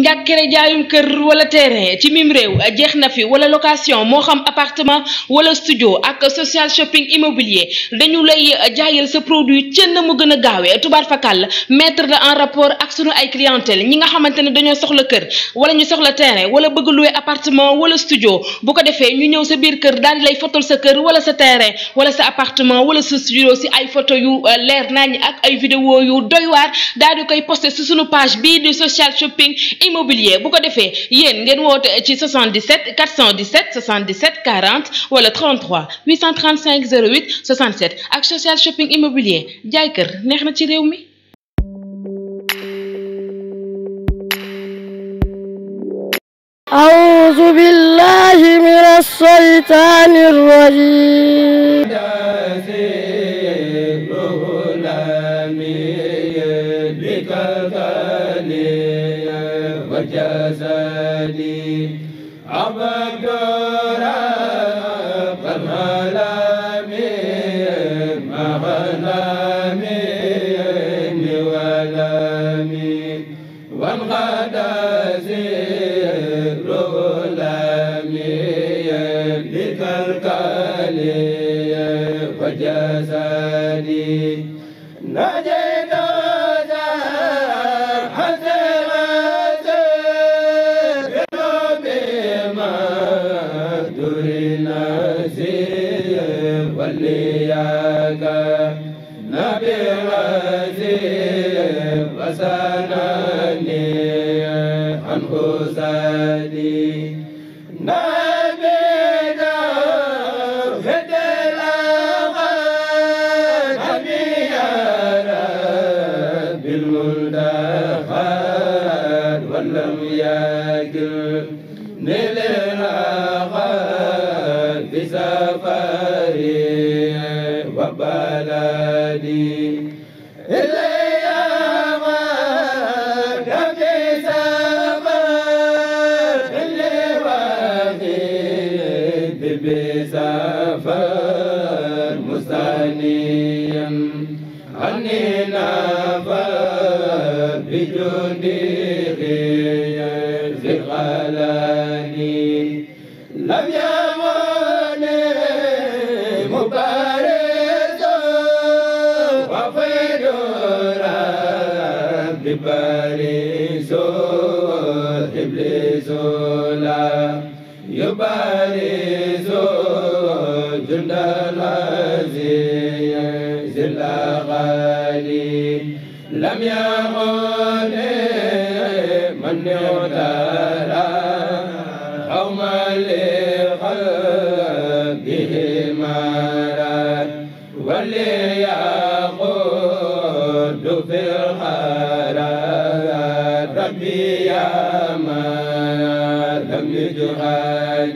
njàkkere jaayum kër wala terrain ci mim rew jeexna fi wala location mo xam appartement wala studio ak social shopping immobilier dañu lay jaayel ce produit ci na mu gëna gaawé tubar fakal mettre de en rapport ak sunu ay clientèle ñi nga xamantene dañu soxla kër wala ñu soxla terrain wala bëgg louer appartement wala studio bu ko défé ñu ñëw sa biir kër dal lay fotol sa kër wala sa terrain wala sa appartement wala sa studio ci ay photo yu lèr nañ ak ay vidéo yu doy war dal di koy poster ci sunu page bi di social shopping immobilier bu ko faits. Yen, ngeen 77 417 77 40 wala 33 835 08 67 ak social shopping immobilier jay kër ci Ramadan الوارث جند العزيز الغالي لم يعد من يغترى قوما لقلبه مرا وليقود في الحرارة ربي يا ما لم يجعل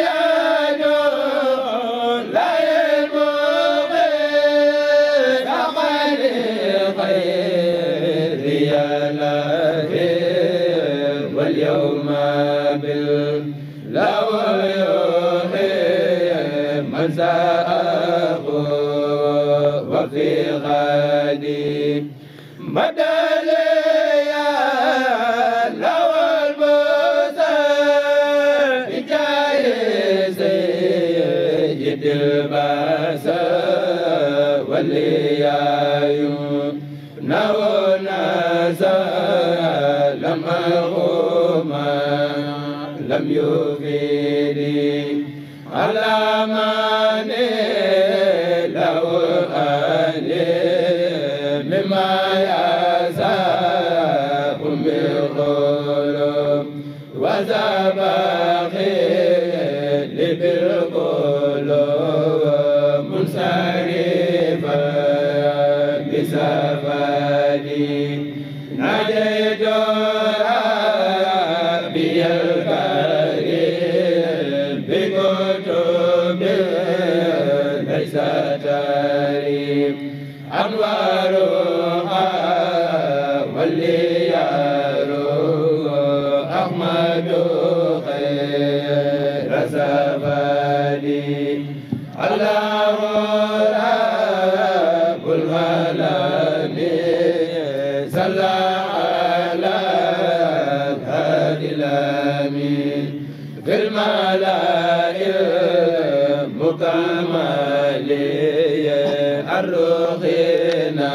ala ma في الملائل مكملي الرخينا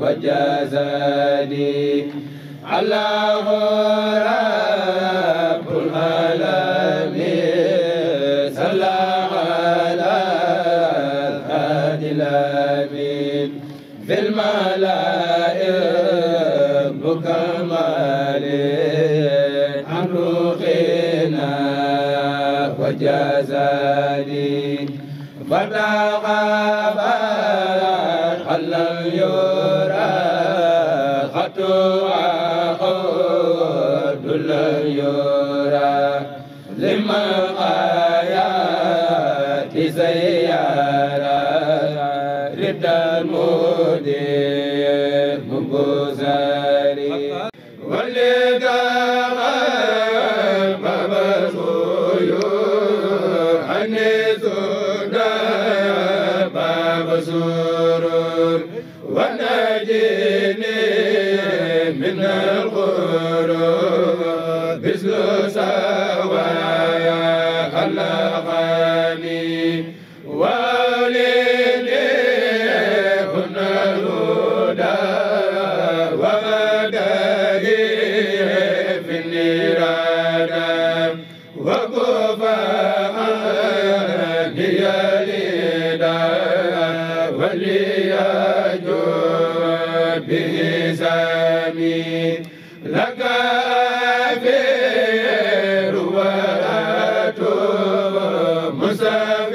وجزاني على غرام وجزالي فتغى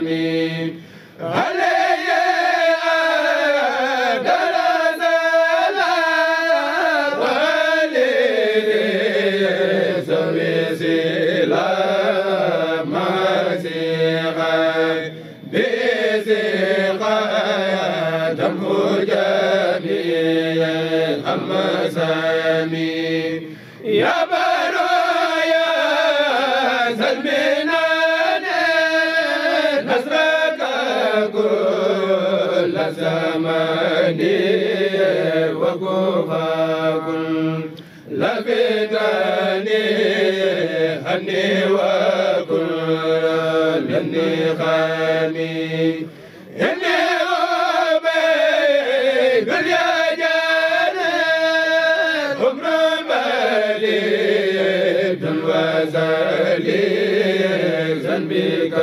me. لي وكفاك لفتني هني وكل مني خاني إني أبي قل يا جانب عمر مالي وزالي ذنبك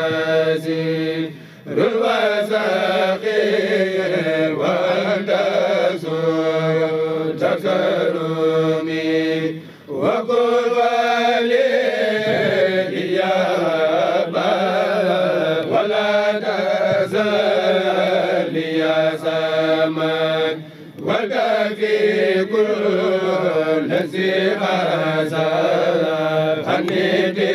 في كل ذي أزل فنيتي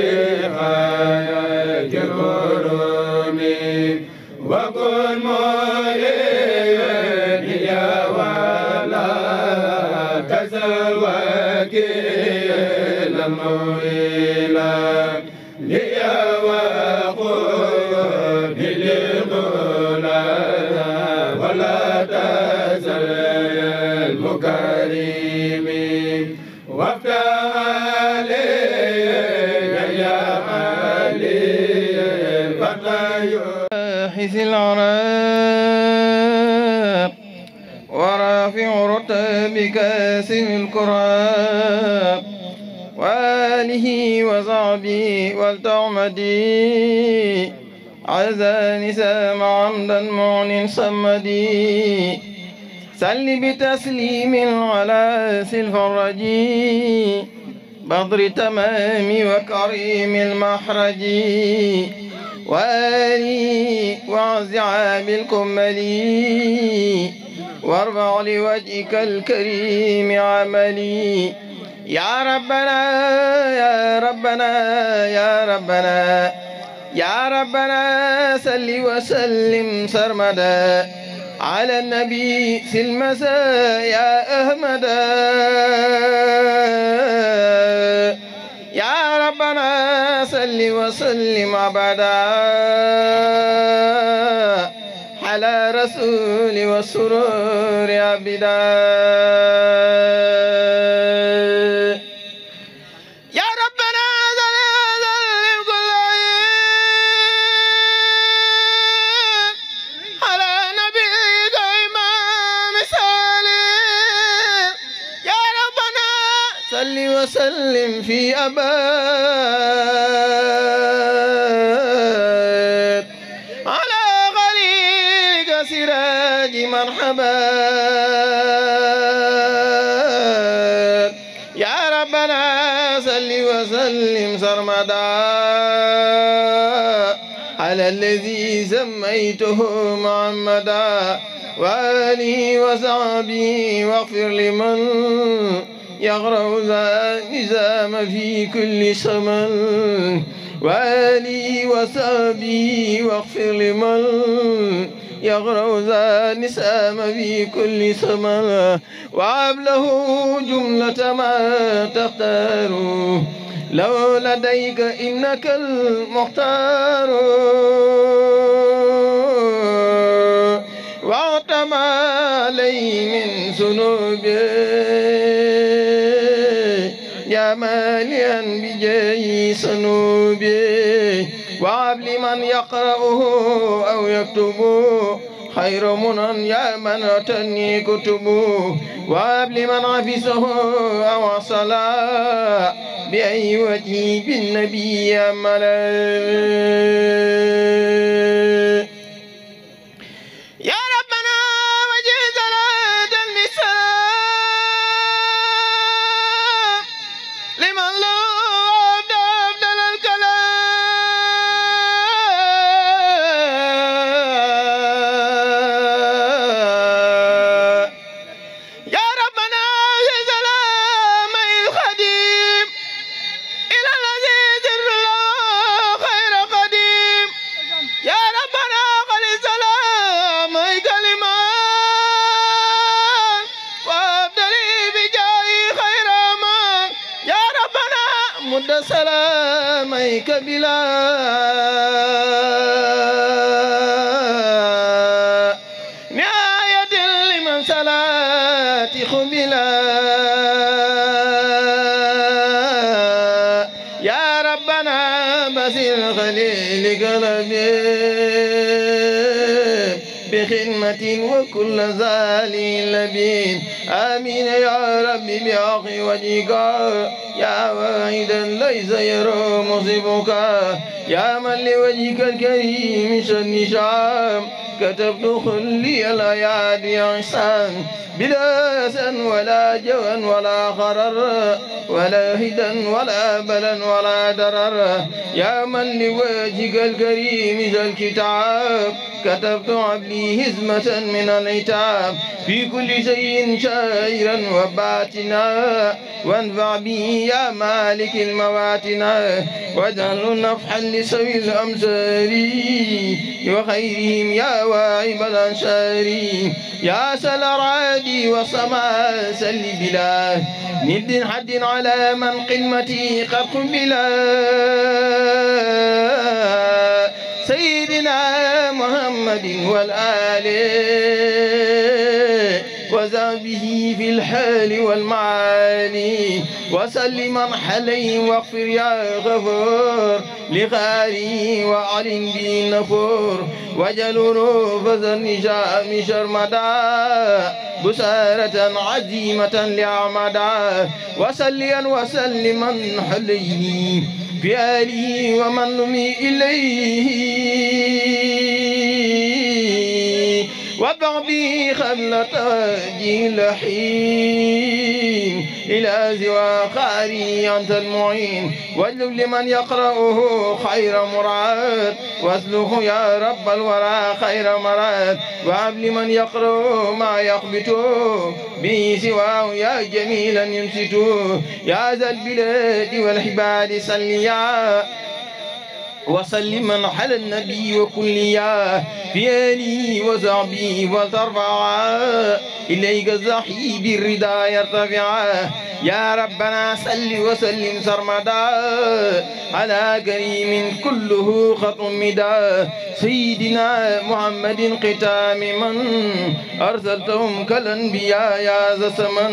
خير كرمي وكن مريد يا ولا تزوجي لما في العراق ورافع رتب كاسم الكراب وآله وزعبي والتعمدي عزى نسام عمدا معن صمدي سل بتسليم على سلف الرجي بدر تمام وكريم المحرج وآلي وعز عام الكملي وارفع لوجهك الكريم عملي يا ربنا يا ربنا يا ربنا يا ربنا سل وسلم سرمدا على النبي في المساء يا أحمدا ربنا صل وسلم أبدا على رسول وسرور أبدا الذي سميته محمدا وآله وصحبه واغفر لمن يغرأ ذا نزام في كل شمل وآله وصحبه واغفر لمن يغرأ ذا نسام في كل سماء وعبله جملة ما تختاره لو لديك إنك المختار ما علي من ذنوبي يا ماليا بجاي سنوبي وعب لمن يقرأه أو يكتبه خير من يا من تني كتبه وابل لمن عفسه أو صلاة بأي وجه بالنبي أملا كتبت خلي الأيادي عشان بلا سن ولا جوا ولا خرر ولا هدا ولا بلا ولا درر يا من لوجهك الكريم ذا الكتاب كتبت عبدي هزمة من العتاب في كل شيء شائرا وباتنا وانفع به يا مالك المواتنا واجعل نفحا لسوي الأمسار وخيرهم يا واعب الأنصار يا سل رادي وصما سل بلا ند حد على من قمتي قد قبلا محمد والآل وزعبه في الحال والمعاني وسلم محلي واغفر يا غفور لغاري وعلي بي نفور وجل روف النجام شرمدا بسارة عزيمة لعمدا وسليا وسلما حليه آله ومن نمي إليه وابع به خبل تاج لحين إلى زوا خاري أنت المعين واجلب لمن يقرأه خير مراد واسلخ يا رب الورى خير مراد وهب لمن يقرأه ما يقبته به سواه يا جميلا يمسته يا ذا البلاد والحبال سليا وسلم على النبي وكليا في آلي وزعبي وترفعا إليك الزحي بالرضا يرتفعا يا ربنا سل وسلم سرمدا على كريم كله خط مدا سيدنا محمد قتام من أرسلتهم كالأنبياء يا زسما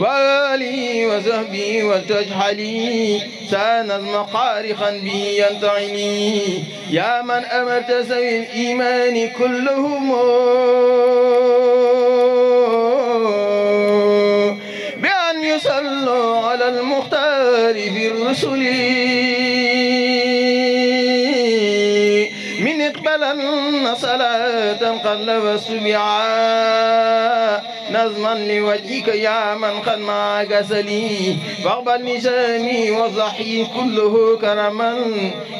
وآلي وزهبي وصحبه وتجحلي سانز مقارخا بي ينتعني العالمين يا من أمرت سوي الإيمان كلهم بأن يصلوا على المختار بالرسل من إقبلن صلاة قد لبست نظما لوجهك يا من قد معك سلي فاقبل نشامي وضحي كله كرما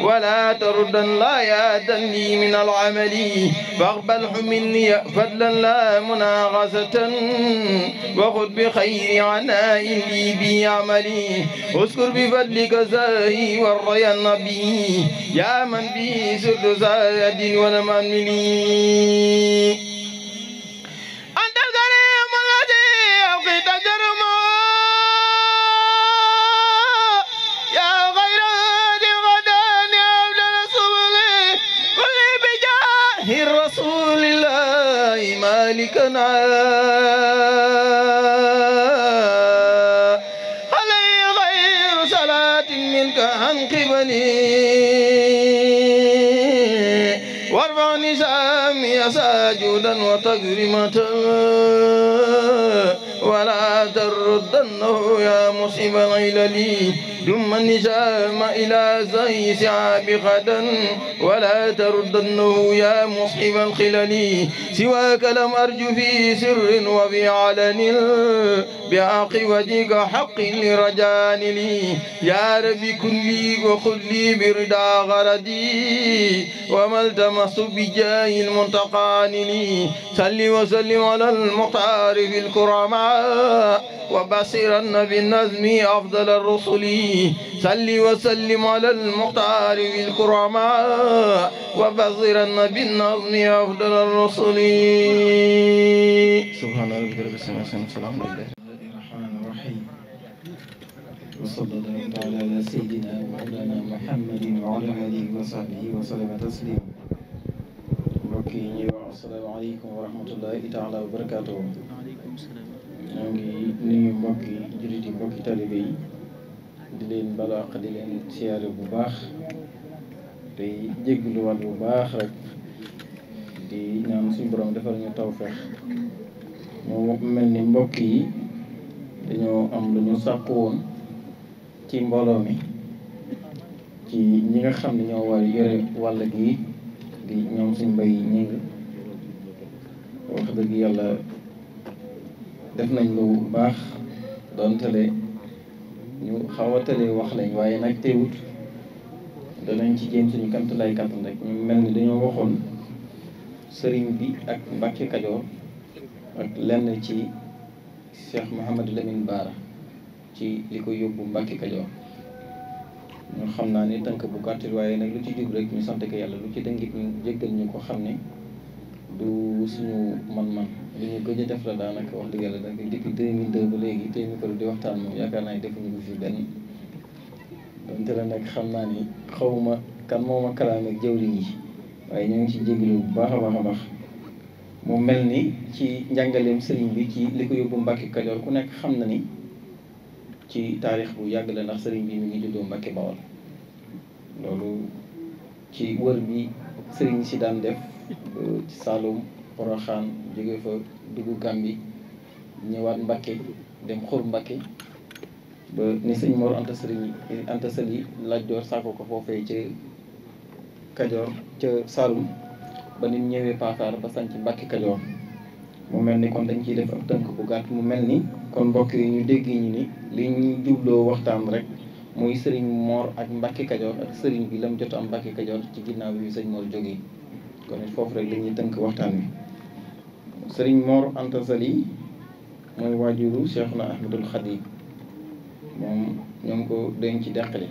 ولا تردن لا يادا لي من العمل فاقبل حملني فضلا لا مناغسة وخذ بخير عناء لي بعملي اذكر بفضلك زاهي والريا النبي يا من به سر زاد ولمن مني ملكا علي غير صلاة منك عن قبلي وارفع نسامي ساجدا وتكريمة ولا تردنه يا مصيب غيللي النساء النجام إلى زي سعاب غدا ولا تردنه يا مصحب الخلل سواك لم أرج في سر وفي علن بعق وجهك حق لرجان لي يا ربي كن لي وخذ لي بردا غردي وما التمس بجاه المنتقان لي صل وسلم على المختار في الكرماء وبصرن بالنزم أفضل الرسل صل وسلم على المختار بالكرماء وبصرا بالنظم أفضل الرسل سبحان ربك رب السماء والسلام الرحمن الرحيم وصلى الله تعالى على سيدنا مولانا محمد وعلى آله وصحبه وسلم تسليما mbokk yi ñuy الله asalaamaaleykum wa rahmatullahi taala wa barakaatuhu ñoo ngi nuyu mbokk yi jullit yi mbokk yi talibe yi di leen akadilin àq di leen siyaare bu baax bu baax rek di ñaan suñu borom defal ñu tawfeex moo di ni mbokk yi dañoo am lu ñu woon ci mi ci ñi nga xam ne ñoo war yore wàll gi di ñoom suñ mbay ñi ngi wax dëgg yàlla def nañ lu baax ñu xawatalee wax lañ waaye nag teewut danañ ci jéem suñu kant lay kàttan rek mel ni dañoo waxoon sëriñ bi ak Mbàkke Kajoor ak lenn ci Cheikh Mouhamadou Lamine Baara ci li ko yóbbu Mbàkke Kajoor ñu xam naa ne tënk bu gàttil waaye nag lu ci jub rek ñu sant ko yàlla lu ci dëngit ñu ñu ko xam ne du suñu man-man li ñu gëj def la daanaka wax dëgg yàlla da depuis 2002 ba léegi tey micro di waxtaan moom yaakaar naa ne defuñu ko fi benn donte la nag xam naa ni xawma kan moo ma kalaam ak jawriñ yi waaye ñu ngi ci jégalu bu baax a baax a baax mu mel ni ci njàngaleem sëriñ bi ci li ko yóbbu Mbàkke Kajoor ku nekk xam na ni ci taarix bu yàgg la ndax sëriñ bi mi ngi juddoo Mbàkke Bawol loolu ci wër bi sëriñ si daan def euh, ci Poroxaan jóge fa dugg Gàmbi ñëwaat Mbakke dem xur Mbakke ba ni sëñ Mor Anta Sali Anta Sali Lat Joor sàkku ko foofee ca Kajoor ca Saalum ba ni ñëwee Paasaar ba sanc Mbakke Kajoor mu mel ni kon dañ ciy def ab tënk bu mu mel ni kon mbokk yi ñu dégg ñu ni li ñuy jubloo waxtaan rek muy sëriñ Mor ak Mbacke Kajoor ak sëriñ bi lam jot am Mbacke Kajoor ci ginnaaw bi sëñ Mor jógee kon it foofu rek dañuy tënk waxtaan wi sëriñ Mor Anta Sali mooy waajuru Cheikhuna Ahmadul yi moom ñoo ngi ko denc ci deqale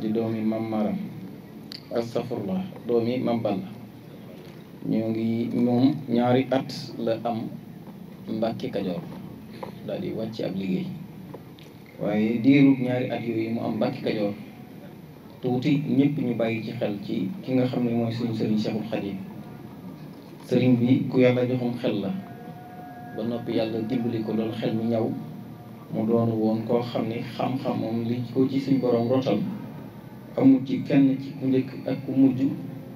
di doomi mam maram astafurlah doomi mam Balla ñoo ngi moom ñaari at la am Mbàkke Kajoor daal di wàcc ab liggéey waaye diirub ñaari at yooyu mu am Mbàkke Kajoor tuuti ñëpp ñu bàyyi ci xel ci ki nga xam ne mooy suñu sëriñ Cheikhul yi sëriñ bi ku yàlla joxum xel la ba noppi yàlla dimbali ko loolu xel mi ñaw mu doon woon koo xam ne xam-xam moom li ko ci suñ boroom rotal amul ci kenn ci ku njëkk ak ku mujj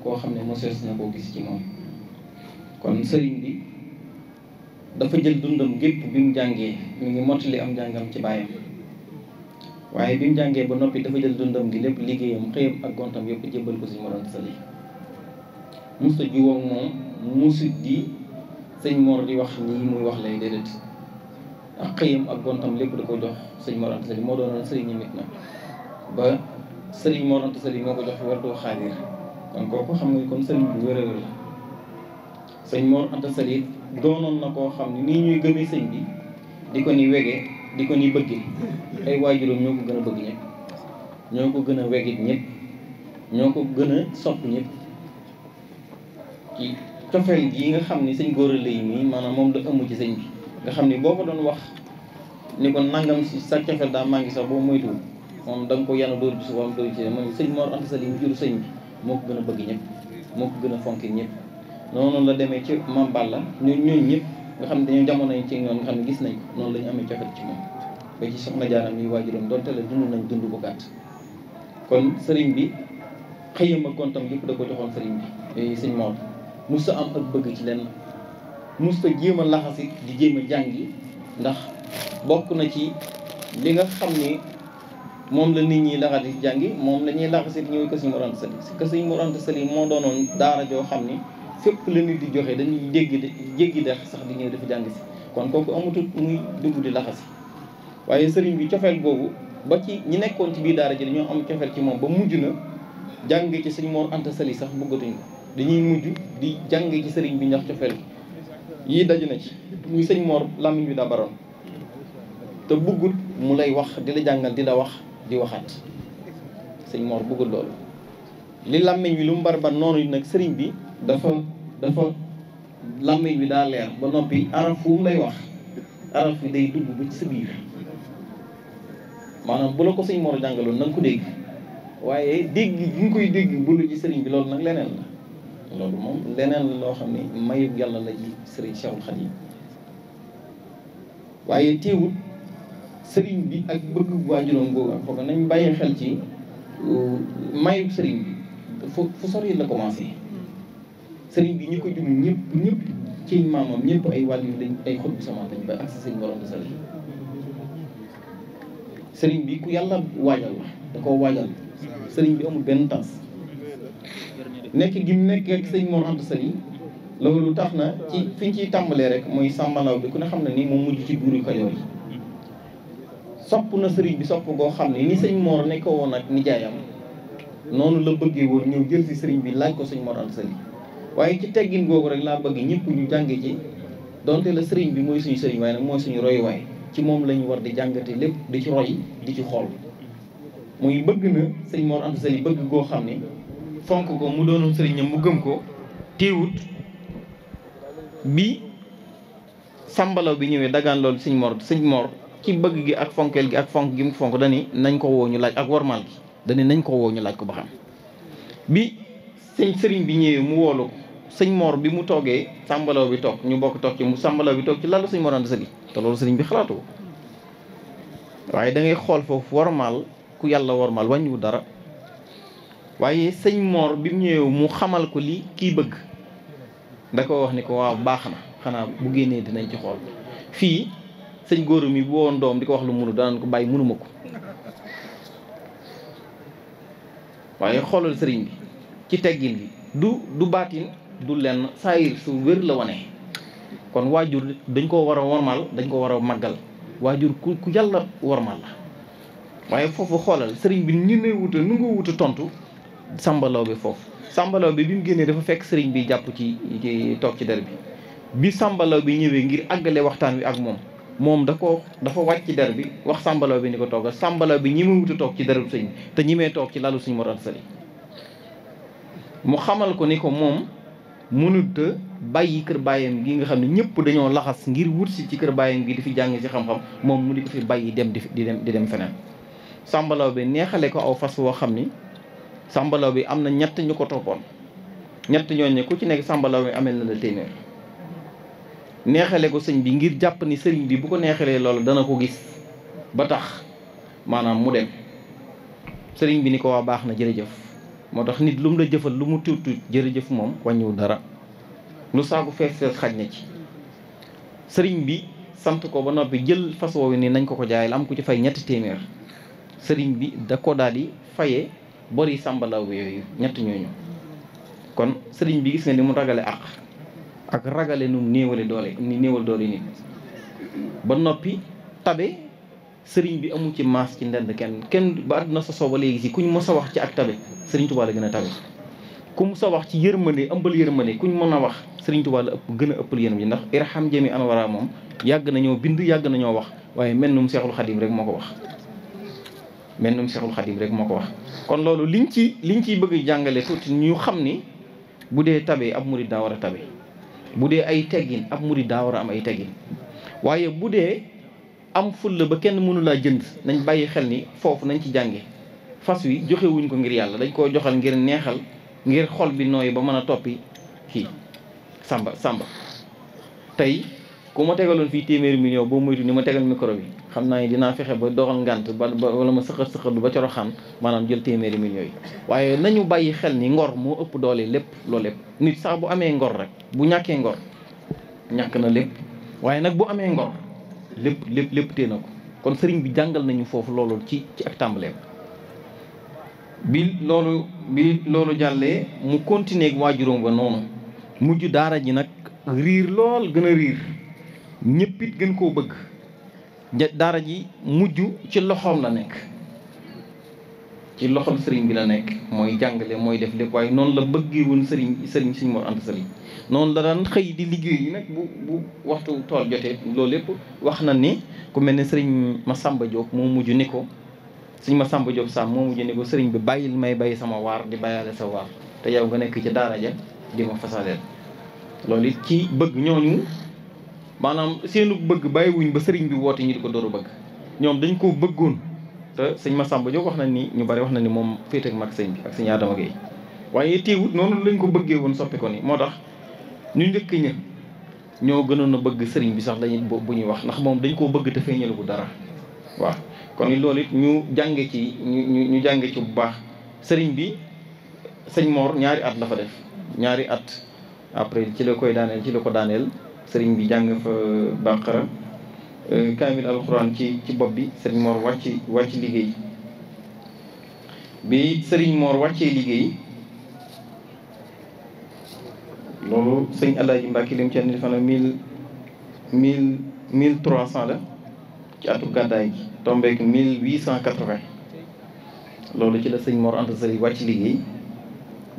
koo xam ne mosees na koo gis ci moom kon sëriñ bi dafa jël dundam gépp bi mu jàngee mu ngi mottali am jàngam ci baayam waaye bi mu jàngee ba noppi dafa jël dundam gi lépp liggéeyam xëyam ak gontam yëpp jébbal ko suñu morom sëli musta juwoo moom musut di sëñ Mor di wax nii muy wax lay déedéet ak xëyam ak gontam lépp da ko jox sëñ Mor Anta moo doon sëriñu nit na ba sëriñ Mor Anta Sali moo ko jox war doo xaadir kon kooku xam nga kon sëriñ bu wér sëñ Mor Anta Sali doonoon na koo xam ne nii ñuy gëmee sëñ bi di ko ni wege di ko ni bëgge ay waajuram ñoo ko gën a bëgg ñëpp ñoo ko gën a wegit ñëpp ñoo ko gën a sopp ñëpp cofeel gii nga xam ni sëñ góor a lay mii maanaam moom da ëmm ci sëñ bi nga xam ni boo ko doon wax ni ko nangam si sa cofeel daa maa ngi sax boo moytuwul moom da nga ko yàlla dóor bi su am dóor ci moom sëñ Mor Anta Sali mu gën a bëgg ñëpp moo ko gën a fonk ñëpp noonu la demee ci Mame Balla ñun ñooñu ñëpp nga xam ne dañu jamono yi ci ñoom nga xam ne gis nañ noonu la ñu amee cofeel ci moom ba ci soxna jaaram yi waajuram donte la dund nañ dund bu gàtt kon sëriñ bi xëyam ak kontam yëpp da ko joxoon sëriñ bi yooyu sëñ Mor mus ta am ak bëgg ci leen mus ta jéem a laxasi di jéem jàng yi ndax bokk na ci li nga xam ni moom la nit ñi laxati jàngi moom la ñuy laxasi ñëw ko Sëñ Mor Anta si que Sëñ Mor Anta Sali moo doonoon daara joo xam ni fépp la nit di joxe dañuy jéggi jéggi de sax di ñëw dafa jàng si kon kooku amatul muy dugg di laxasi waaye sëriñ bi cofeel boobu ba ci ñi nekkoon ci biir daara ji dañoo am cofeel ci moom ba mujj na jàng ci Sëñ Mor Anta Sali sax bëggatuñ ko dañuy mujj di jàng ci sëriñ bi ndax cofeel yii daje na ci muy sëñ Mor làmmiñ bi daa baroon te bëggul mu lay wax di la jàngal di la wax di waxaat sëñ moor bëggul loolu li làmmiñ bi lu mu barbar noonu nag sëriñ bi dafa dafa làmmiñ bi daa leer ba noppi araf fu mu lay wax araf bi day dugg ba ci sa biir maanaam bu la ko sëñ moor jàngaloon nag ko dégg waaye dégg gi nga koy dégg bu lu ci sëriñ bi loolu nag leneen la loolu moom leneen loo xam ne mayu yàlla la ci sëriñ Cheikhul Khadim waaye teewut sëriñ bi ak bëgg waajuram googu ak foog nañ bàyyi xel ci euh, mayu sëriñ bi fu fu sori la commencé sëriñ bi ñu ko jug ñëpp ñëpp ci maamam ñëpp ay wàll yu dañ ay xut bi sama dañ ak si sëriñ borom bi sëriñ sëriñ bi ku yàlla waajal la da koo waajal sëriñ bi amul benn tas nekk gi mu nekk ak sëñ Mor Anta Sali loolu tax na ci fi ñu ciy tàmbalee rek mooy sàmbalaw bi ku ne xam ne ni moom mujj ci buuru Kajoor yi sopp na sëriñ bi sopp goo xam ne ni sëñ Mor nekk woon ak nijaayam noonu la bëggee woon ñëw jël si sëriñ bi laaj ko sëñ Mor Anta Sali waaye ci teggin googu rek laa bëgg ñëpp ñu jànge ji donte la sëriñ bi mooy suñu sëriñ waaye nag mooy suñu royuwaay ci moom lañu war di jàngate lépp di ci roy di ci xool muy bëgg sëñ Mor Anta bëgg goo xam ne fonk ko mu doonu sëriñam mu gëm ko téewut bi sàmbalaw bi ñëwee dagaan loolu sëñ mor sëñ mor ci bëgg gi ak fonkeel gi ak fonk gi mu fonk dani nañ ko woo ñu laaj ak warmal gi dani nañ ko woo ñu laaj ko ba xam bi sëñ sëriñ bi ñëwee mu woolu ko sëñ moor bi mu toogee sàmbalaw bi toog ñu bokk toog ci mu sàmbalaw bi toog ci lalu sëñ mor ànd sëli te loolu sëriñ bi xalaatu ko waaye da ngay xool foofu warmal ku yàlla warmal wàññiwu dara waaye sëñ moor bi mu ñëwee mu xamal ko li kii bëgg da ko wax ni ko waaw baax na xanaa bu génnee dinañ ci xool fii sëñ góor mi bu woon doom di ko wax lu munu danañ ko bàyyi munuma ko waaye xoolal sëriñ bi ci teggin gi du du baatin du lenn saayir su wér la wane kon waajur dañ koo war a wormal dañ ko war a màggal waajur ku ku yàlla wormal la waaye foofu xoolal sëriñ bi ñu ne wuta nu nga wuta tontu sàmbalaw bi foofu sàmbalaw bi bi mu génnee dafa fekk sëriñ bi jàpp ci ci toog ci der bi bi sàmbalaw bi ñëwee ngir àggale waxtaan wi ak moom moom da ko dafa wàcc ci der bi wax sàmbalaw bi ni ko toogal sàmbalaw bi ñi mu wutu toog ci derub sëñ te ñi mee toog ci lalu suñu moral sëriñ mu xamal ko ni ko moom mënut a bàyyi kër bàyyam gi nga xam ne ñëpp dañoo laxas ngir wut si ci kër bàyyam gi di fi jàng si xam-xam moom mu di ko fi bàyyi dem di di dem di dem feneen sàmbalaw bi woo xam ni sàmbalaw bi am na ñett ñu ko toppoon ñett ñooñu ku ci nekk sàmbalaw bi amee na la téeméer neexale ko sëñ bi ngir jàpp ni sëriñ bi bu ko neexalee loolu dana ko gis ba tax maanaam mu dem sëriñ bi ni ko waa baax na jërëjëf moo tax nit lu la jëfal lu mu tuut tuut jërëjëf moom wàññiwul dara lu saaku fees fees xaj na ci sëriñ bi sant ko ba noppi jël fas woowu ni nañ ko ko jaayal am ku ci fay ñetti téeméer sëriñ bi da ko daal di faye bori sàmbalaw bi yooyu ñett ñooñu kon sëriñ bi gis nga ni mu ragale àq ak ragale nu mu néewale doole ni néewal doole nit ba noppi tabe sëriñ bi amul ci maas ci ndend kenn kenn ba àdduna sa ba léegi si kuñ mës a wax ci ak tabe sëriñ Tuubaa la gën a tabe ku mës a wax ci yërmande ëmbal yërmande kuñ mën a wax sëriñ Tuubaa la ëpp gën a ëppal yërmande ndax irham jami waraa moom yàgg nañoo bind yàgg nañoo wax waaye mel mu Seexul Xadiim rek moo ko wax mennum Seexul Xadim rek moo ko wax kon loolu li liñ ci liñ ciy bëgg jàngale tuuti ñu xam ni bu dee tabee ab murid daa war a tabe bu dee ay teggin ab murid daa war a am ay teggin waaye bu dee am fulla ba kenn mënulaa jënd nañ bàyyi xel ni foofu nañ ci jànge fas wi joxewuñ ko ngir yàlla dañ koo joxal ngir neexal ngir xol bi nooyu ba mën a toppi kii sàmba sàmba tey ku ma tegaloon fii téeméeri million boo moytu ni ma tegal micro bi xam naa ni dinaa fexe ba doxal ngànt ba wala ma sëqat sëqatlu ba coro xam maanaam jël téeméeri million yi waaye nañu bàyyi xel ni ngor moo ëpp doolee lépp loolu lépp nit sax bu amee ngor rek bu ñàkkee ngor ñàkk na lépp waaye nag bu amee ngor lépp lépp lépp tee na ko kon sëriñ bi jàngal nañu foofu loolu ci ci ak tàmbaleem bi loolu bi loolu jàllee mu continuer ak waajuróom ba noonu mujj daara ji nag lool gën ñëpp it gën koo bëgg daara ji mujj ci loxoom la nekk ci loxol sëriñ bi la nekk mooy jàngale mooy def lépp waaye noonu la bëggee woon sëriñ sëriñ suñu Mor Anta Sali noonu la daan di liggéey nag bu bu waxtu tool jotee loolu lépp wax na ni ku mel ne sëriñ Massamba Diop moo mujj ni ko sëriñ Massamba Diop Sam moo mujj ni ko sëriñ bi bàyyil may bàyyi sama waar di bàyyaale sa waar te yow nga nekk ci daara ja di ma fasaleel loolu ci bëgg ñooñu maanaam seenu bëgg bàyyiwuñ ba sëriñ bi woote ñu di ko dooru bëgg ñoom dañ koo bëggoon te sëñ ma Massamba Diop wax nañ ni ñu bari wax na ni moom féete mag sëñ bi ak sëñ Adama Gueye waaye teewut noonu lañ ko bëggee woon soppi ko ni moo tax ñu njëkk ña ñoo gënoon a bëgg sëriñ bi sax dañuy bu ñuy wax ndax moom dañ koo bëgg te feeñalu bu dara waaw kon loolu it ñu jànge ci ñu ñu jànge ci bu baax sëriñ bi sëñ Mor ñaari at la fa def ñaari at après ci la koy daaneel ci ko daaneel sëriñ bi jàng fa bàqara euh, kaamil alxuraan ci ci bopp bi sëriñ Mor wàcc wàcc liggéey bi sëriñ Mor wàccee liggéey loolu sëñ Alaaji Mbàkke lim ci andi defe naa mille mille mille trois cent la ci atu gàddaay gi tombeek mille huit cent quatre-vingt loolu ci la sëñ Mor Anta Sali wàcc liggéey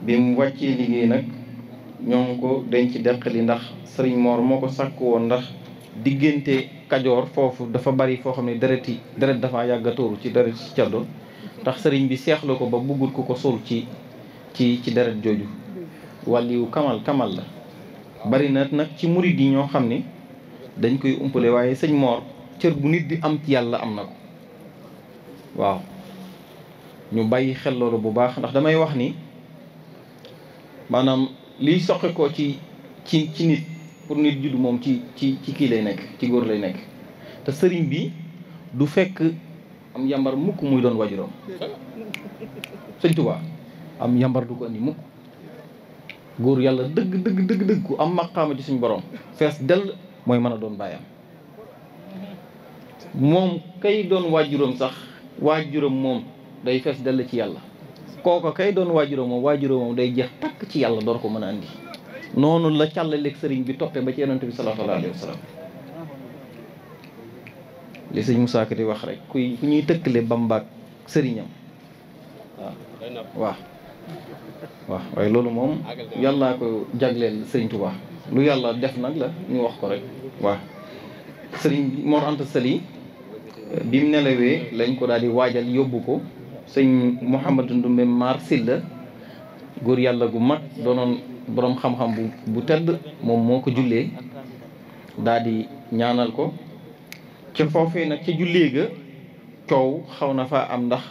bi mu wàccee liggéey nag ñoo ngi ko denc deqali ndax sëriñ moor moo ko sàkk woon ndax diggante kajoor foofu dafa bari foo xam ne deret yi deret dafa yàgga tóoru ci deret ci caddo ndax sëriñ bi seexlu ko ba bëggul ku ko suul ci ci ci deret jooju wàlliwu kamal kamal la bari na nag ci murid yi ñoo xam ne dañ koy umpale waaye sëñ moor cër bu nit di am yàlla am na ko waaw ñu bàyyi xel loolu bu baax ndax damay wax ni maanaam liy soqe ko ci ci ci nit pour nit judd moom ci ci ci kii lay nekk ci góor lay nekk te sëriñ bi du fekk am yambar mukk muy doon wajuram sëñ Tuubaa am yambar du ko andi mukk góor yàlla dëgg dëgg dëgg dëgg ku am maqaama ci suñ borom fees dell mooy mën a doon bàyyam moom kay doon waajuram sax waajuram moom day fees dell ci yàlla kooko kay doon waajuroo moom waajuroo moom day jeex takk ci yàlla door ko mën a andi noonu la càllaleeg sëriñ bi toppee ba ci yonent bi sallallahu alayhi wa sallam li sëñ di wax rek kuy ku ñuy tëkkale bambaak sëriñam waaw waaw waaw waaye loolu moom yàllaa ko jagleel sëriñ Touba lu yàlla def nag la ñu wax ko rek waaw sëriñ Mor Anta Sali bi mu nelawee lañ ko daal di waajal yóbbu ko sëñ Mouhamadou Ndoumbé Mar Sylla góor yàlla gu mag doonoon boroom xam-xam bu bu tedd moom moo ko jullee daal ñaanal ko ca foofee nag ca jullee ga coow xaw na fa am ndax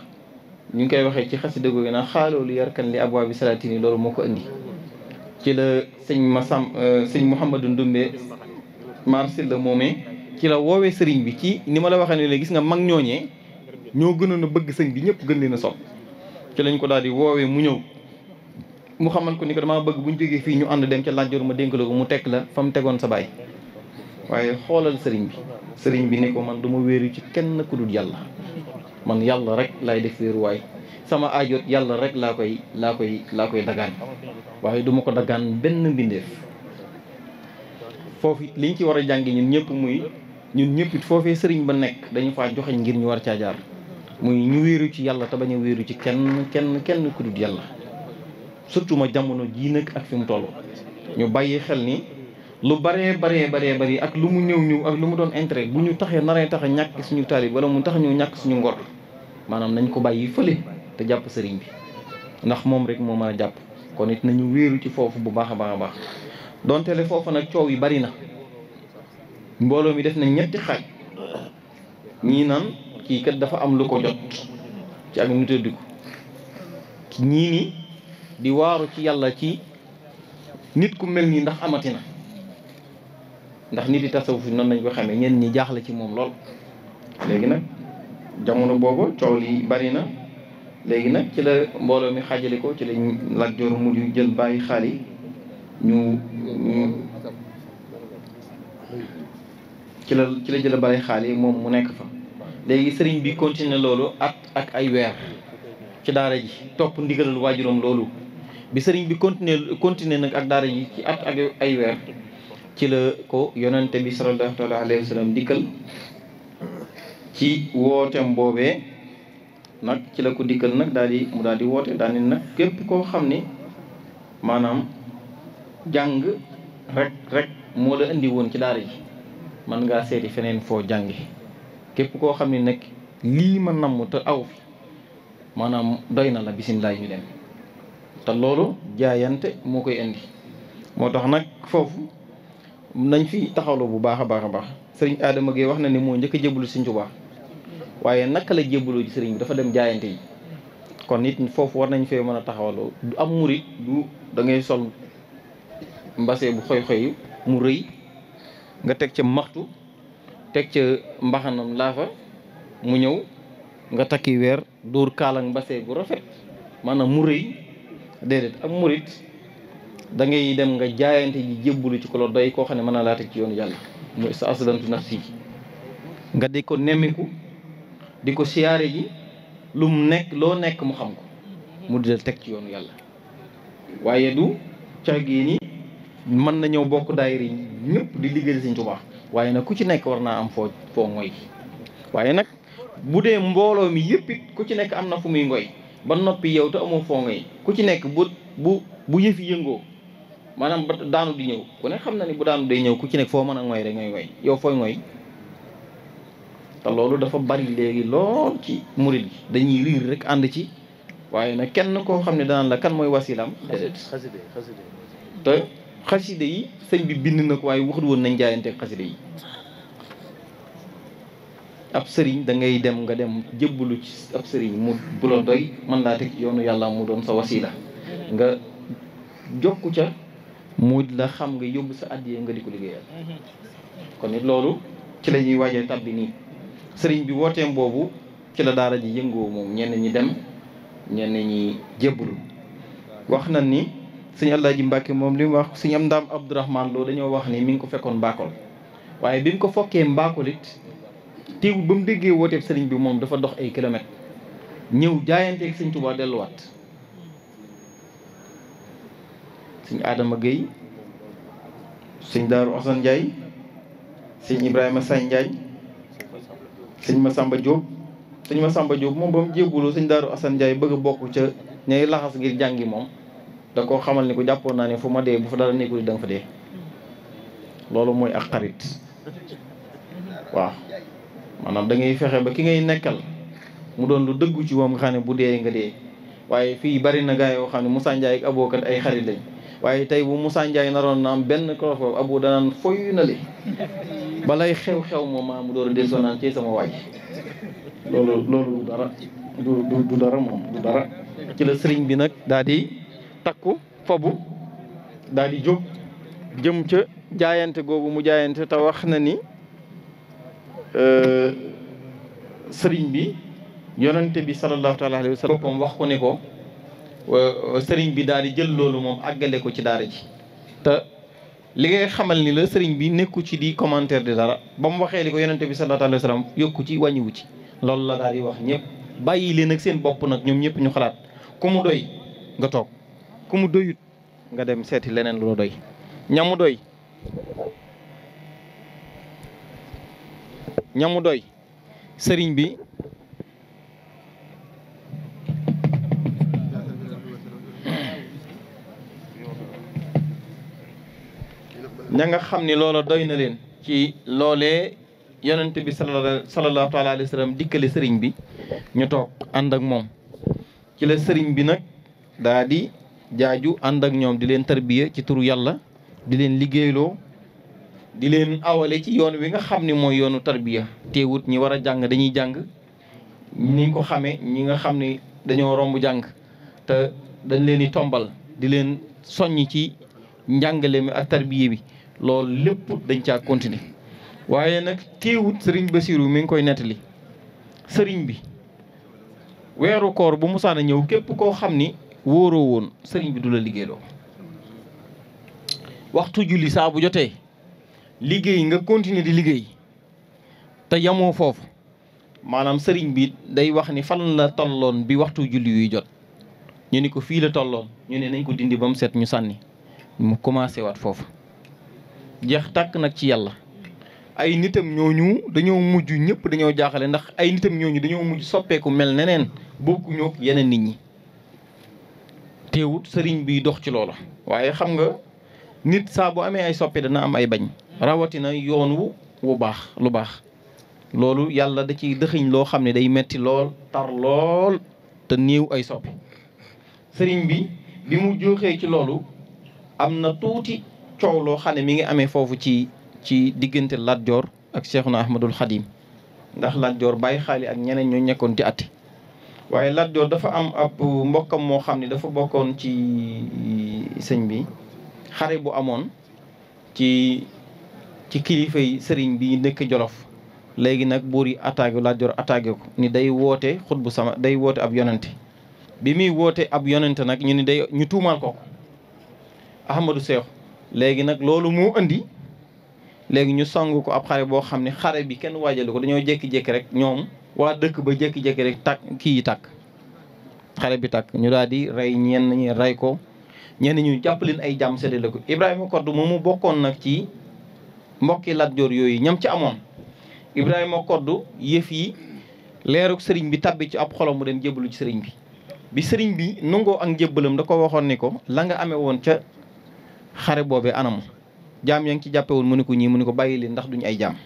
ñu ngi koy waxee ci xasida googu nag xaaloolu yarkan li abwaa salaatini loolu moo ko indi ci la sëñ Masam euh, sëñ Mouhamadou Ndoumbé Mar moomee ci la woowee sëriñ bi ci ni ma la waxee ne gis nga mag ñooñee ñoo gënoon bëgg sëñ bi ñëpp gën leen na sopp ci lañ ko daal di woowee mu ñëw mu xamal ko ni ko damaa bëgg bu ñu jógee fii ñu ànd dem ca laajoor ma dénk la ko mu teg la fa mu tegoon sa baay waaye xoolal sëriñ sëriñ bi ne ko man du ma ci kenn ku dul yàlla man yàlla rek laay def wéeruwaay sama aajoot yàlla rek laa koy laa koy laa koy dagaan waaye duma ko dagaan benn mbindeef foofu liñ ci war a jàngi ñun ñépp muy ñun ñëpp it foofee sëriñ ba nekk dañu faa joxeñ ngir ñu war caa jaar muy ñu wéeru ci yàlla te bañ a wéeru ci kenn kenn kenn ku dul yàlla surtout ma jamono jii nag ak fi mu toll ñu bàyyi xel ni lu baree baree baree bari ak lu mu ñëw ñëw ak lu mu doon intérêt bu ñu suñu wala mu tax ñu ñàkk suñu ngor maanaam nañ ko bàyyi fële te jàpp sëriñ bi ndax moom rek moo mën a kon it nañu wéeru ci foofu bu baax a baax a baax dontele foofa nag coow yi bari na mbooloo mi def na ñetti kii kat dafa am lu ko jot ci ak nitadiku ñii ni di waaru ci yàlla ci nit ku mel nii ndax amati na ndax nit yi tasawuf noonu lañ ko xamee ñenn ñi jaaxle ci moom lool léegi nag jamono boobu coow li bari na léegi nag ci la mbooloo mi xaajale ko ci lañ Lat Joor mujj bàyyi xaal yi ñu ci la ci bàyyi xaal moom mu nekk fa léegi sëriñ bi continué loolu at ak ay weer ci daara ji topp ndigalal waajuram loolu bi sëriñ bi continué continué nag ak daara ji ci at ak ay weer ci la ko yonente bi sallallahu taala alayhi wa dikkal ci wootem boobee nag ci la ko dikkal nag daal di mu daal di woote daal di nag képp koo xam ni maanaam jàng rek rek moo la indi woon ci daara ji mën ngaa seeti feneen foo jàngi képp koo xam ne nag lii ma namm te aw fi maanaam doy na la bisimilah ñu dem te loolu jaayante moo koy indi moo tax nag foofu nañ fi taxawloo bu baax a baax a baax sëriñ Adama Gueye wax na ni moo njëkk a jébbalu Sëriñ Tuubaa waaye naka la jébbaloo ci sëriñ bi dafa dem jaayante yi kon nit foofu war nañ fee mën a taxawaloo du am muri du dangay sol mbase bu xoy-xoy mu rëy nga teg ca maxtu teg ca mbaxanam laafa mu ñëw nga takki weer dóor kaalang basee bu rafet maanaam mu rëy déedéet ak murit da dem nga jaayante ji jébbalu ci kolo day koo xam ne mën naa laa teg ci yoon yàlla mu sa aslantu nga di ko nemmiku di ko siyaare ji lu nekk loo nekk mu xam ko mu di teg ci yoon yàlla waaye du caggee ni mën na ñëw bokk daayira ñëpp di liggéeyal Sëñ Tuubaa waaye nag ku ci nekk war naa am foo foo ngoy waaye nag bu dee mbooloo mi yëpp it ku ci nekk am na fu muy ngoy ba noppi yow te amoon foo ngoy ku ci nekk bu bu bu yëfi yëngoo maanaam ba daanu di ñëw ku ne xam na ni bu daanu day ñëw ku ci nekk foo mën a ngoy rek ngay ngoy yow fooy ngoy te loolu dafa bari léegi lool ci murid gi dañuy riir rek ànd ci waaye nag kenn koo xam ne danaan la kan mooy wasilam déedéet te xaside yi sëñ bi bind na ko waaye waxul woon nañ jaayante xaside yi ab sëriñ da ngay dem nga dem jébbalu ci ab sëriñ mu bu la doy mën laa teg yoonu yàlla mu doon sa wasila nga jokku ca mu la xam nga yóbbu sa àddiyee nga di ko liggéeyal kon nit loolu ci la ñuy waajee tab bi nii sëriñ bi wooteem boobu ci la daara ji yëngoo moom ñenn ñi dem ñenn ñi jébbalu wax na ni sëñ ji Mbàkke moom li mu wax sëñ am ndaam Abdourahman Lo dañoo wax ni mi ngi ko fekkoon mbaakol waaye bi mu ko fokkee mbaakol it ba mu déggee wooteeb sëriñ bi moom dafa dox ay kilomètres ñëw jaayanteeg sëñ Tuubaa delluwaat sëñ aadama Gueye sëñ Daaru Asan Ndiaye sëñ Ibrahima Say Ndiaye sëñ Masamba Diop sëñ Masamba Diop moom ba mu jébbuloo sëñ Daaru Asan Ndiaye bëgg a bokk ca ñay laxas ngir jàngi moom da koo xamal ni ko jàppoon naa ne fu ma dee bu fa dara nekkul da nga fa dee loolu mooy ak xarit waaw maanaam da fexe ba ki ngay nekkal mu doon lu dëggu ci moom nga xam ne bu dee nga dee waaye fii bari na gaa yoo xam ne Moussa Ndiaye ak Abo ay xarit lañ waaye tey bu Moussa Ndiaye naroon naa am benn ko Abo danaan foy na li balay xew-xew moom maa mu door a delloo naan ci sama waaj loolu loolu du dara du du dara moom du dara ci la sëriñ bi nag takku fobu daal di jóg jëm ca jaayante googu mu jaayante te wax na ni euh, sëriñ bi yonante bi sallallahu taala alayhi wa sallam wax ko ne ko sëriñ bi daal di jël loolu moom àggale ko ci daara ji te li ngay xamal ni la sëriñ bi nekku ci di commentaire di dara ba mu waxee li ko yonante bi sallallahu alayhi wa yokku ci wàññiwu ci loolu la daal wax ñëpp bàyyi leen ak seen bopp nag ñoom ñëpp ñu xalaat ku mu doy nga toog ku mu doyut nga dem seeti leneen lu la doy ñamu doy ñamu doy sëriñ bi ñanga xam ni loola doy na leen ci loolee yonent bi sallallahu taala alayhi wa dikkale sëriñ bi ñu toog ànd moom ci la sëriñ bi nag daa jaaju ànd ak ñoom di leen tarbiya ci turu yàlla di leen liggéeyloo di leen awale ci yoon wi nga xam ne mooy yoonu tarbiya teewut ñi war a jàng dañuy jàng ni ko xamee ñi nga xam ne dañoo romb jàng te dañ leen di tombal di leen soññ ci njàngale mi ak tarbiya bi loolu lépp dañ caa continuer waaye nag teewut sëriñ Basiru mi ngi koy nettali sëriñ bi weeru koor bu musaana ñëw képp koo xam ni wóoroo woon sëriñ bi du la liggéeyloo waxtu julli saa bu jotee liggéey nga continuer di liggéey te yamoo foofu maanaam sëriñ bi day wax ni fan la tolloon bi waxtu julli yuy jot ñu ni ko fii la tolloon ñu ne nañ ko dindi ba mu set ñu sànni mu commencé waat foofu jeex tàkk nag ci yàlla ay nitam ñooñu dañoo mujj ñëpp dañoo jaaxale ndax ay nitam ñooñu dañoo mujj soppeeku mel neneen bokkuñu yeneen nit ñi teewut sëriñ biy dox ci loola waaye xam nga nit saa bu amee ay soppi dana am ay bañ rawatina yoon wu wu baax lu baax loolu yàlla da ciy dëxiñ loo xam ne day metti lool tar lool te niiw ay soppi sëriñ bi bi mu joxee ci loolu am na tuuti coow loo xam ne mi ngi amee foofu ci ci diggante Lat Joor ak Seexuna Ahmadul Xadim ndax Lat bàyyi xaali ak ñeneen ñoo nekkoon ci atti waaye Lat Joor dafa am ab mbokkam moo xam ni dafa bokkoon ci sëñ bi xare bu amoon ci ci kilifa yi sëriñ bi nekk Jolof léegi nag buur yi attaqué Lat Joor attaqué ko ni day woote xutbu sama day woote ab yonente bi muy woote ab yonente nag ñu ni day ñu tuumaal ko Ahmadou Seexu léegi nag loolu mu indi léegi ñu sangu ko ab xare boo xam ne xare bi kenn waajalu ko dañoo jékki-jékki rek ñoom waa dëkk ba jékki-jékki rek tàkk kii yi tàkk xale bi tàkk ñu daal di rey ñenn ñi rey ko ñenn ñu jàpp leen ay jàmm séddale ko Ibrahima Kodd moomu bokkoon nag ci mbokki Lat Joor yooyu ñam ci amoon Ibrahima Kodd yëf yi leeruk sëriñ bi tabbi ci ab xolom mu dem jébbalu ci sëriñ bi. bi sëriñ bi nangoo ak jëbbalam da ko waxoon ni ko la nga amee woon ca xare boobee anam jaam yaa ngi ci jàppee mu ne ko ñii mu ne ko bàyyi leen ndax duñu ay jaam.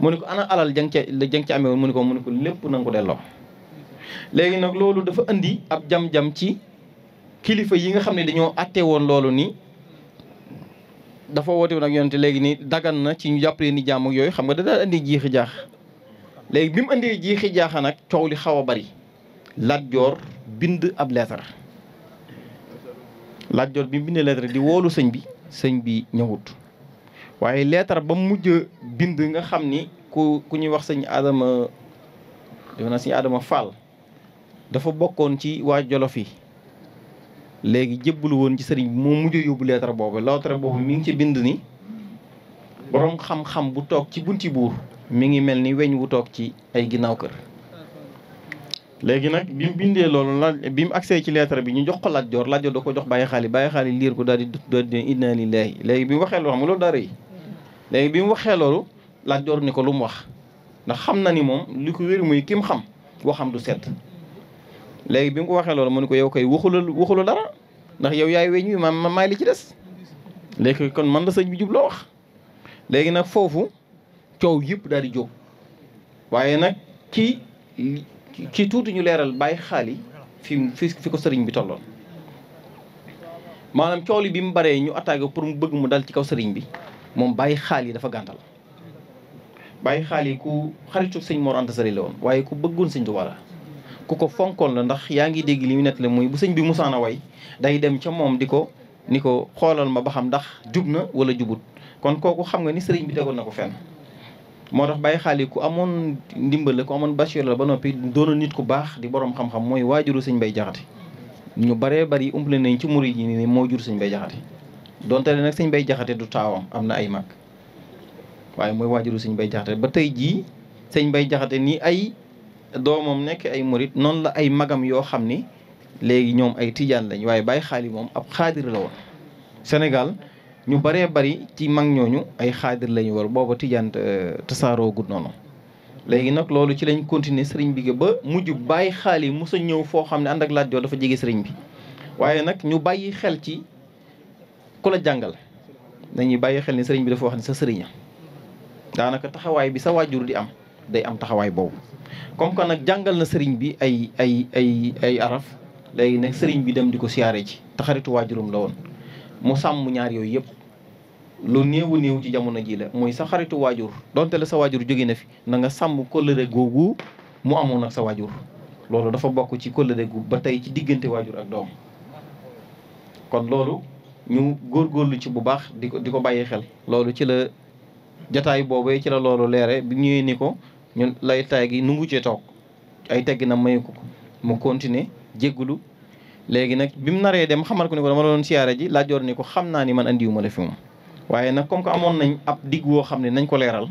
mu ne ko ana alal jang ca jang ca amee woon mu ne ko mu ne ko lépp na nga ko delloo léegi nag loolu dafa indi ab jam-jam ci kilifa yi nga xam ne dañoo atte woon loolu ni dafa woote woon ak yonente léegi nii dagan na ci ñu jàppale ni jàmm yooyu xam nga da daal indi jiixi jaax léegi bi mu indee jiixi jaaxa nag coow li xaw a bari Lat bind ab leetar Lat bi mu bindee leetar di woolu sëñ bi sëñ bi ñëwut waaye leetar ba mu mujj bind nga xam ni ku ku ñuy wax sëñ Adama defe naa sëñ Adama Fall dafa bokkoon ci waa Jolof yi léegi jébbalu woon ci sëriñ bi moo mujj yóbbu leetar boobu leetar boobu mi ngi ci bind ni boroom xam-xam bu toog ci bunti buur mi ngi mel ni weñ wu toog ci ay ginnaaw kër léegi nag bi mu bindee loolu la bi mu agsee ci lettre bi ñu jox ko Lat Joor Lat Joor da ko jox bàyyi xaali bàyyi xaali liir ko daal di daal di inna léegi bi mu waxee loo xam nga loolu daa rëy léegi bi mu waxee loolu Lat Joor ni ko lu mu wax ndax xam na ni moom li ko wér muy kim xam waxam du sedd léegi bi mu ko waxee loolu mu ni ko yow koy waxulul waxulul dara ndax yow yaay weñ wi ma maay li ci des léegi kon man la sëñ bi jubloo wax léegi nag foofu coow yépp daal di jóg waaye nag ci ci tuuti ñu leeral bàyyi xaali fi fi ko sëriñ bi tolloon maanaam coow li bi mu baree ñu attaqué pour mu bëgg mu dal ci kaw sëriñ bi moom bàyyi xaal yi dafa gàntal bàyyi xaal yi ku xaritu sëñ Mor Anta Sali la woon waaye ku bëggoon sëñ Tuubaa la ku ko fonkoon la ndax yaa ngi dégg li mu nett la muy bu sëñ bi musaana way day dem ca moom di ko ni ko xoolal ma ba xam ndax jub na wala jubut kon kooku xam nga ni sëriñ bi tegoon na ko fenn moo tax bàyyi xaal yi ku amoon ndimbal la ku amoon basior la ba noppi doona nit ku baax di boroom xam-xam mooy waajuru sëñ bay Jaxate ñu baree bari umple nañ ci murid yi ni moo jur sëñ Mbay Jaxate donte ne nag sëñ bay jaxate du taawam am na ay mag waaye mooy waajuru sëñ bay jaxate ba tey jii sëñ bay jaxate ni ay doomam nekk ay morit noonu la ay magam yoo xam ni léegi ñoom ay tijaan lañ waaye bàyyi xaali moom ab xaadir la woon ñu baree bari ci mag ñooñu ay xaadir lañu war booba tijaan tasaaroo gudd noonu léegi nag loolu ci lañ continuer sëriñ bi ba mujj bàyyi xaali musa ñëw foo xam ne ànd ak laaj joo dafa jege seriñ bi waaye nag ñu bàyyi xel ci ku la jàngal dañuy bàyyi xel ne sëriñ bi dafa wax ne sa sëriña daanaka taxawaay bi sa waajur di am day am taxawaay boobu comme nag jàngal na sëriñ bi ay ay ay ay araf léegi nag sëriñ bi dem di ko siyaare ji taxaritu waajurum la mu sàmm ñaar yooyu yëpp lu néewu néew ci jamono ji la mooy sa xaritu waajur donte la sa waajur jóge na fi na nga sàmm kóllëre mu amoon ak sa waajur loolu dafa bokk ci kóllëre gu ba tey ci diggante waajur ak doom kon loolu ñu góorgóorlu ci bu baax di ko di ko bàyyi xel loolu ci la jataay boobu ci la loolu leere bi ñëwee ni ko ñun lay taay gi nungu cee toog ay tegg na mayu ko mu continuer jéggulu léegi nag bi mu naree dem xamal ko ni ko dama doon siyaare ji laajoor ni ko xam naa ni man andiwuma la fi moom waaye nag comme que amoon nañ ab dig woo xam ne nañ ko leeral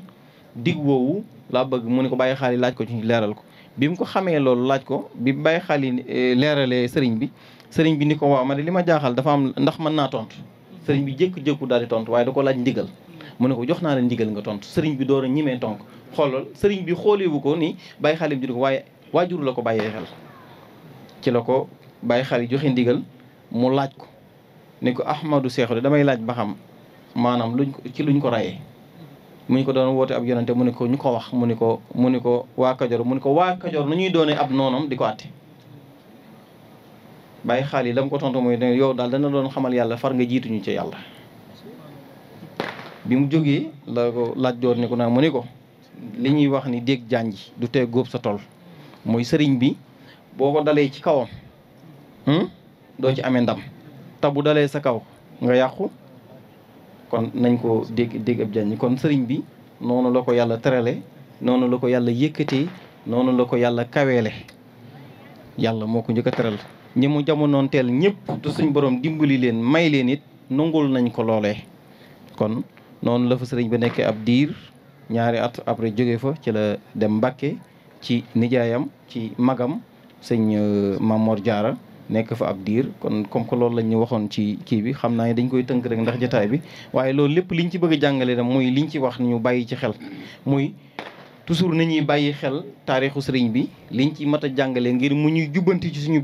digg woowu laa bëgg mu ne ko bàyyi xaal yi laaj ko ci leeral ko bi mu ko xamee loolu laaj ko bi bàyyi xaal yi leeralee sëriñ bi sëriñ bi ni ko waaw man ne li ma jaaxal dafa am ndax mën naa tontu sëriñ bi jékku-jékku daal di tontu waaye da ko laaj ndigal mu ne ko jox naa la ndigal nga tontu sëriñ bi door a ñimee tonk xoolal sëriñ bi xoolewu ko ni bàyyi xaalim ji ko waaye waajur la ko bàyyee xel ci la ko bàyyi xaali joxe ndigal mu laaj ko ni ko ahmadu seexu damay laaj ba xam maanaam luñ ko ci luñ ko rayee mu ñu ko doon woote ab yonante mu ne ko ñu ko wax mu ne ko mu ne ko waa kajoor mu ne ko waa kajoor nu ñuy doonee ab noonam di ko àtte bàyyi xaal yi la mu ko tontu mooy yow daal dana doon xamal yàlla far nga jiituñu ci yàlla bi mu jógee la ko laaj joor ne ko naa mu ni ko li ñuy wax ni dégg jànji du tee góob sa tool mooy sëriñ bi boo ko dalee ci kawam hmm, doo ci amee ndam te bu dalee sa kaw nga yàqu kon nañ ko dégg dégg ab jànji kon sëriñ bi noonu la ko yàlla terale noonu la ko yàlla yëkkatee noonu la ko yàlla kaweele yàlla moo ko njëkk a teral ñi mu jamonoon teel ñëpp te suñ borom dimbali leen may leen it nungul nañ ko loolee kon noonu la fa sëriñ bi nekkee ab diir ñaari at après jóge fa ci la dem ci nijaayam ci magam sëñ euh, Mamor Diarra nek fa ab diir kon comme que loolu lañ ñu waxoon ci kii bi xam naa ne dañ koy tënk rek ndax jotaay bi waaye loolu lépp liñ ci bëgg a jàngale nag muy liñ ci wax ñu ci xel toujours nañuy xel bi liñ ci mat a jàngale ngir mu ñuy ci suñu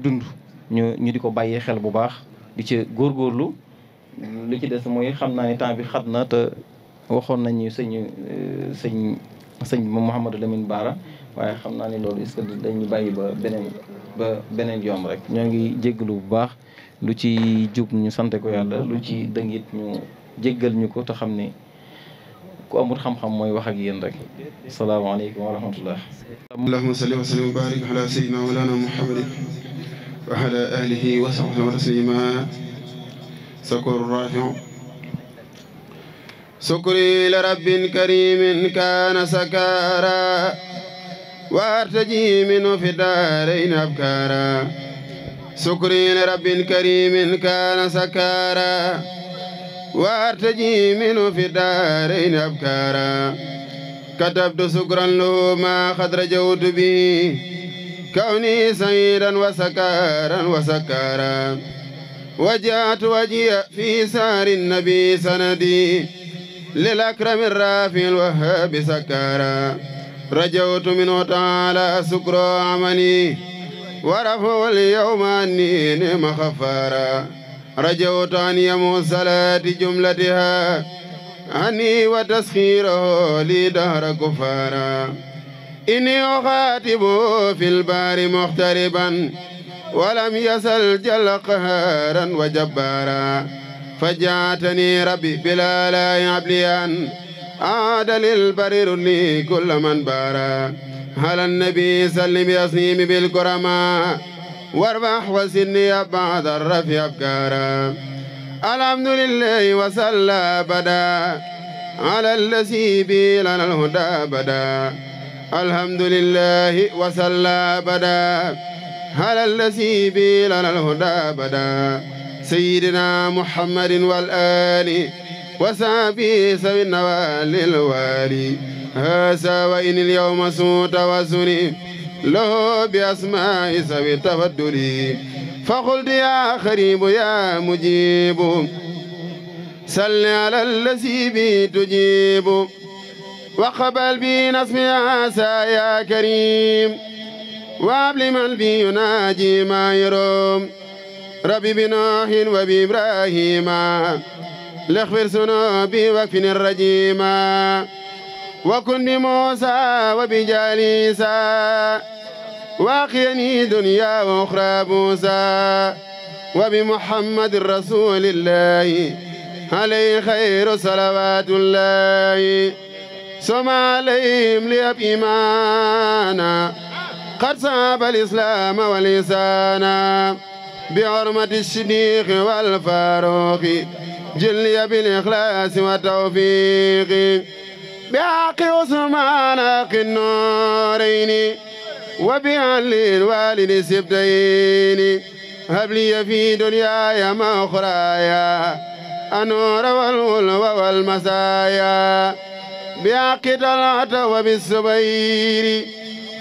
ñu di ko bàyyi xel bu baax di ci góorgóorlu li ci des mooy xam naa ni temps bi xat na te waxoon nañu sëñ euh, sëñ sëñ Mouhamadou Lamine Bara waaye xam naa ni loolu est-ce dañu bàyyi ba beneen ba beneen yoon rek ñoo ngi jéggalu bu baax lu ci jub ñu sante ko yàlla lu ci dëngit ñu jéggal ñu ko te xam ni ku amul xam-xam mooy wax ak yéen rek asalaamaaleykum wa rahmatullah allahumma وعلى آله وصحبه وسلم سكر رافع سكري لرب كريم كان سكارا وارتجي منه في دارين أبكارا سكري لرب كريم كان سكارا وارتجي منه في دارين أبكارا كتبت سكرا له ما خدر جود به كوني سيرا وسكارا وسكارا وجعت وجهي في سار النبي سندي للأكرم الرافي الوهاب سكارا رجوت منه تعالى سكر عملي ورفع اليوم عني نعم خفارا رجوت أن يموت صلاتي جملتها عني وتسخيره لي دهر كفارا إني أخاطب في البار مغتربا ولم يسل جل قهارا وجبارا فجعتني ربي بلا لا يعبليان عاد للبرر لي كل من بارا على النبي سلم يصيم بالكرماء واربح وسني بعد الرف أبكارا الحمد لله وصلى بدا على الذي بي لنا الهدى بدا الحمد لله وسلى بدا على الذي بلنا الهدى بدا سيدنا محمد والآل وسابي سوي النوال الوالي هذا وإن اليوم سوت وسني له بأسماء سوي التفضل فقلت يا خريب يا مجيب صل على الذي بي تجيب وقبل بنا اسمها يا كريم وابل من بي يناجي ما يروم ربي بنوح وبإبراهيم لخبر سنوبي وكفن الرجيم وكن بموسى وبجاليسا واقيني دنيا واخرى موسى وبمحمد رسول الله عليه خير صلوات الله سمى عليهم ليب إيمانا قد صاب الإسلام ولسانا بعرمة الشديق والفاروق جلي بالإخلاص والتوفيق بحق عثمان حق النورين وبأهل الوالد سبتين هب لي في دنياي ما أخرايا النور والغلو والمسايا بعقدلات وبالزبير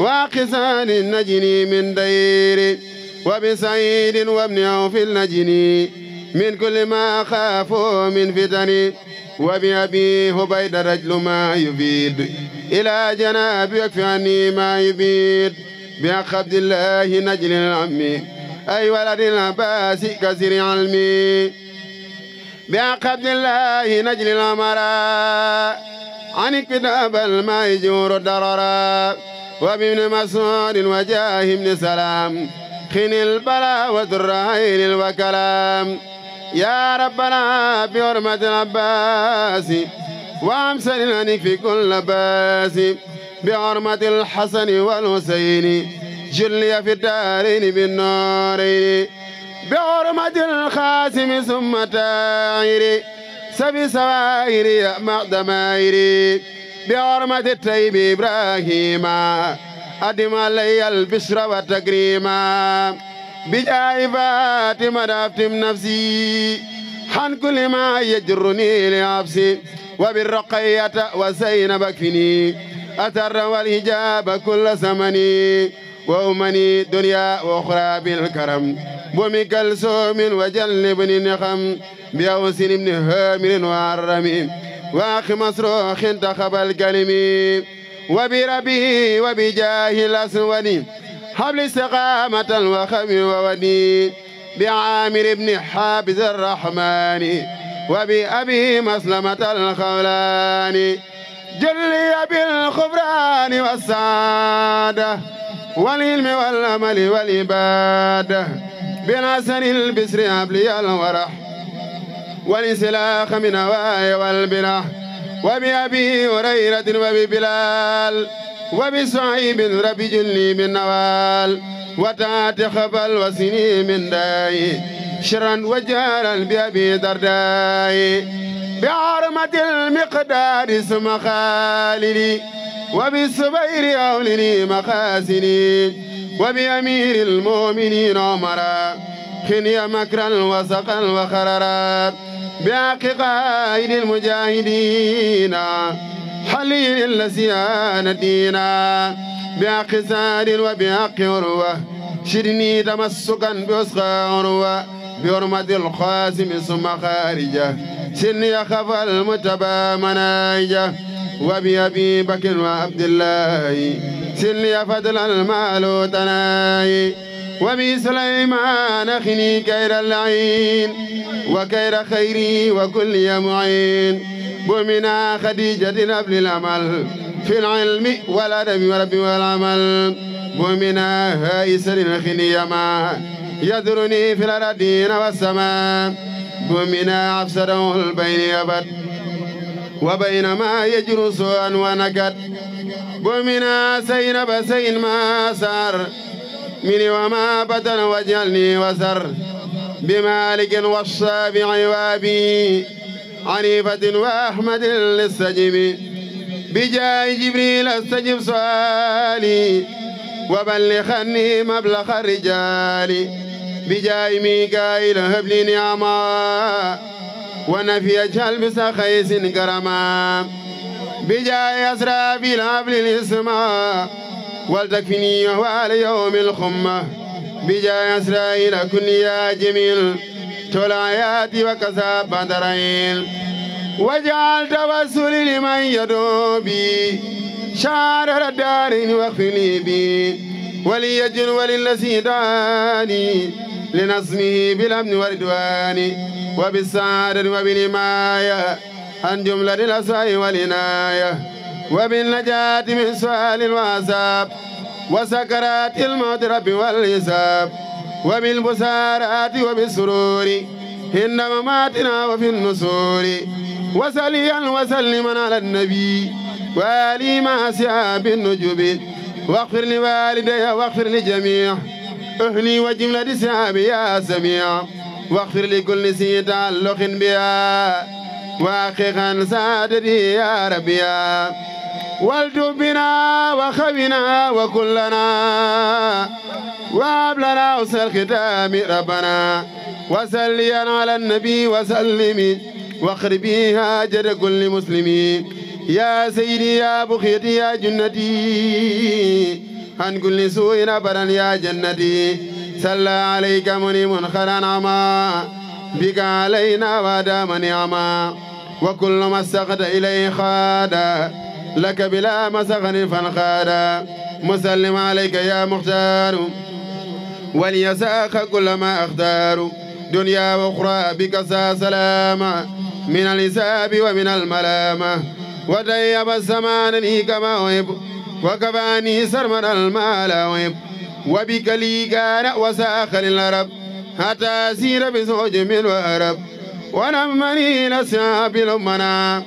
وقسان النجني من دير وبسعيد وابن عوف النجني من كل ما خافوا من فتن وبأبي هبيد رجل ما يبيد إلى جناب يكفي عني ما يبيد بأخ عبد الله نجل العمي أي ولد العباس كثير علمي بأخ عبد الله نجل العمراء عن كتاب الميجور الدرر وابن مسعود وجاه بن سلام خن البلا والرهين الوكلام يا ربنا بحرمة العباس وامسلنا في كل باس بحرمة الحسن والحسين جلي في الدارين بالنارين بحرمة الخاسم ثم تايري سبي سوائري مقدمائري بحرمة الطيب إبراهيم أدم علي البشرى والتكريم بجاه فاطمة أفتم نفسي عن كل ما يجرني لعبسي وبالرقية وزينب كفني أتر والهجاب كل زمني وأمني دنيا وأخرى بالكرم بومي وجل بن نخم بأوسن بن هامر وعرمي وأخ مصروخ انتخب الكلمي وبربي وبجاه الأسود حبل استقامة وخم وودي بعامر بن حابز الرحمن وبأبي مسلمة الخولاني جلي بالخبران والسعاده والعلم والعمل والعبادة بناصر البسر أبلي الورح والانسلاخ من هواي والبلح وبأبي هريرة وببلال وبسعيب ربي جلي من نوال وتات خبل وسني من داي شرا وجارا بأبي درداي بعرمة المقدار اسم خالدي وبالزبير أولني مخازني وبأمير المؤمنين عمرا خني مكرا وسقا وخررا بحق قائد المجاهدين حلي للسيان الدين بحق سار وبحق عروة شرني تمسكا بأسقى عروة بحرمة القاسم ثم خارجه سني خفى المتبى منايجه ابي بكر وعبد الله سلي فضل المال وبي سليمان اخني كير العين وكير خيري وكل يا معين بمنا خديجة قبل العمل في العلم والأدب والرب والعمل بمنا هائسر يا ما يدرني في الأرضين والسماء بمنا أفسده البين ابد وبينما يجرس أن ونكد قمنا سين بسين ما سار مني وما بدن وجلني وسر بمالك والشافع وابي عنيفة وأحمد للسجب بجاي جبريل استجب سؤالي وبلغني مبلغ الرجال بجاي ميكائيل هب لي ونفي جلب سخيس كرما بجاي أسرافيل قبل الإسماء ولتكفني وعلى يوم الخمة بجاي إسرائيل كن يا جميل تلاياتي وكساب بدرين وجعل توسل لمن يدوبي شعر الدارين وخفني بي وليجن وللذي داني لنصمه بالأمن والدوان وبالسعادة وبالنماية عن جملة الأسواء والإناية وبالنجاة من سؤال الوعذاب وسكرات الموت رب والحساب وبالبسارات وبالسرور إن مماتنا وفي النسور وسليا وسلما على النبي وآلي ما سعى بالنجوب واغفر لوالدي واغفر لجميع اهني وجملة سامي يا سميع واغفر لكل سي تعلق بها واخيخا سادتي يا ربي والتب وخبنا وكلنا وابلنا وسل ختام ربنا وسليا على النبي وسلم واخر بها جد كل مسلمين يا سيدي يا بخيتي يا جنتي عن كل سوء نبرا يا جنتي صلى عليك مني منخرا عما بك علينا ودام نعما وكل ما استقد إليه خادا لك بلا مسخن فانخادا مسلم عليك يا مختار وليساق كل ما أختار دنيا وأخرى بك سلامة من الإساب ومن الملامة وطيب الزمان كما أحب وكفاني سرمد المال ويب وبك لي كان وساخ للعرب حتى سير بزوج من وأرب ونمني لسعب الأمنا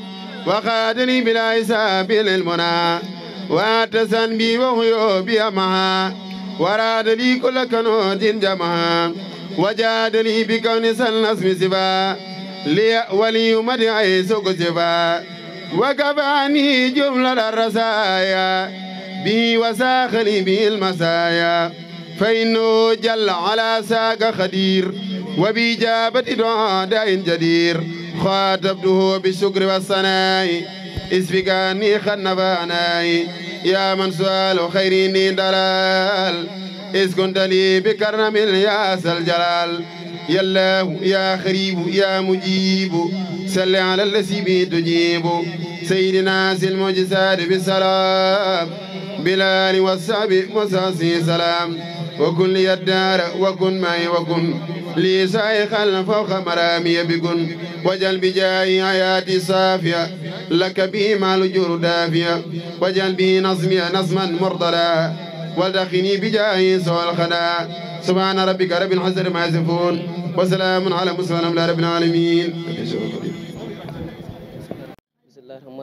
وخادني بلا حساب للمنا واتسن بي وغيو بي معها وراد لي كل كنود جمعها وجاد لي بكون سن اسم سبا لي ولي مدعي سوق سبا وكفاني جملة الرسايا بي وساخلي به المسايا فإنه جل على ساق خدير وبإجابة دعاء جدير خاطبته بالشكر والصناي اسفكاني خنفاناي يا من سؤال خيرين دلال إذ لي بكرم الياس الجلال يا الله يا خريب يا مجيب سل على الذي به تجيب سيدنا سي المجسد بالسلام بلال والسعب مساسي سلام وكن لي الدار وكن معي وكن لي شيخا فوق مرامي بكن وجل بجاي حياتي صافية لك به مع الجور دافية وجل به نظمي نظما مرضلا ودخني بجاي سوى الخنا سبحان ربك رب العزة ما يصفون وسلام على مسلم رب العالمين